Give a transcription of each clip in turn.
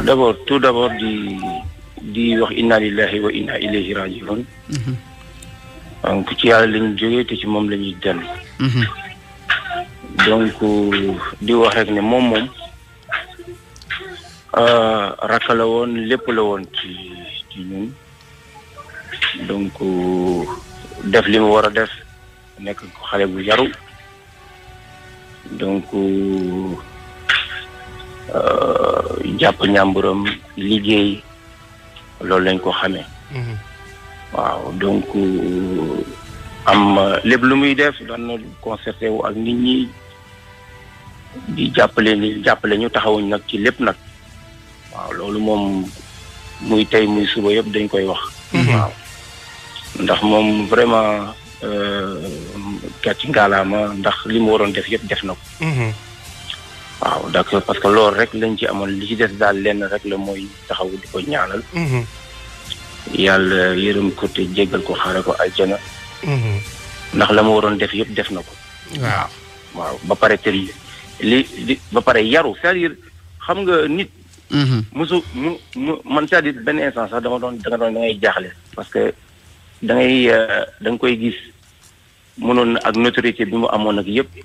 waaw d' abord tout d' abord di di wax inna lillahi wa inna ilayhi rajiun mhm. donc ci yàlla la ñu jógee te ci moom lañuy ñuy dellu mhm. donc di wax rek ne moom moom euh, rakk la woon lépp la woon ci ci ñun donc def li mu war a def nekk ko xale bu yaru donc Eh, jàpp ñàmburam liggéey loolu lañ ko xamee. Mhm. waaw donc am lépp lu muy def daan na concerté wu ak nit ñi di jàppale ni jàppale ñu taxawuñ nag ci lépp nag waaw loolu moom muy tey muy suba yëpp dañ koy wax. Mhm. waaw ndax moom vraiment eh, gàcc ngaalaama ndax li mu waroon def yëpp def na ko. Mhm. waaw donc parce que loolu rek lañ ci amoon li ci des daal lenn rek la mooy taxaw di ko ñaanal. Mhm. yàlla yërëm ko te jéggal ko xaare ko aljana. Mhm. ndax la ma waroon def yëpp def na ko. waaw ba pare te li li ba pare yaru cest à xam nga nit. Mhm. musu mu mu man cest à benn instant sax dama doon danga doon da ngay jaaxle. parce que da ngay euh, da nga koy gis mënoon na ak notoriété bi mu amoon ak yëpp.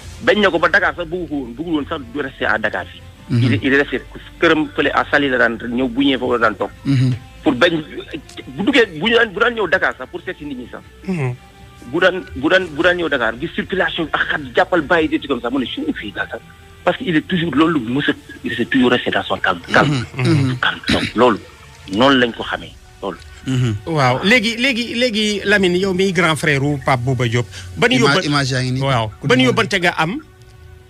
bañ na ko ba Dakar sax bëggu ko woon bëggul woon sax du resté à Dakar fi mhm. il il resté këram fële à Saly la daan ñëw bu ñëwee foofu la daan toog mhm. pour bañ bu duggee bu daan bu daan ñëw Dakar sax pour seeti nit ñi sax mhm. bu daan bu daan bu daan ñëw Dakar bi circulation bi ak jàppal bàyyi des comme ça mu ne suñu fii daal sax parce que il est toujours loolu mës il est toujours resté dans son calme calme loolu noonu lañ ko xamee loolu Mm-hmm. waaw léegi léegi léegi Lamine yow mi grand frère wu Pape Bouba Diop. ban yóbba image ngi nii waaw ban yóbbante nga am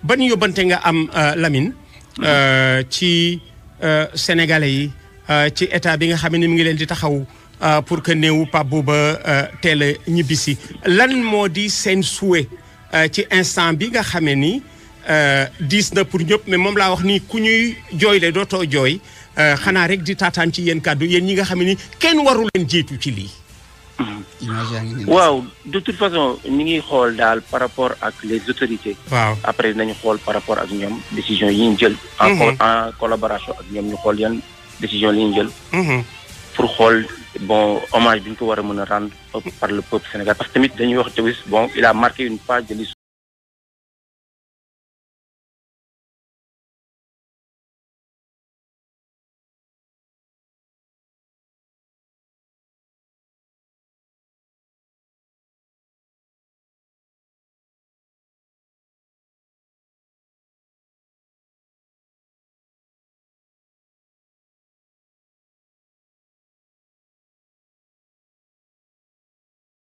ban yóbbante nga am euh, Lamine. Mm-hmm. Euh, ci euh, sénégalais yi ci état bi nga xam ne mu ngi leen di taxaw pour que néewu Pape Bouba teel a ñibbisi lan moo di seen souhait ci instant bi nga xamee ni diis na pour ñëpp mais moom laa wax nii ku ñuy jooyle dootoo jooy. Euh, xanaa rek di taataan ci yéen kàddu yéen ñi nga xam ni kenn waru leen jiitu ci lii. waaw de toute façon ñu ngi xool daal par rapport ak les autorités. waaw après nañu xool par rapport ak ñoom décision yi ñu jël. en mhm. en collaboration ak ñoom ñu xool yan décision yi ñu jël. Mhm. pour xool bon hommage bi ñu ko war a mën a rendre par le peuple sénégalais parce tamit dañuy wax tamit bon il a marqué une page de l'histoire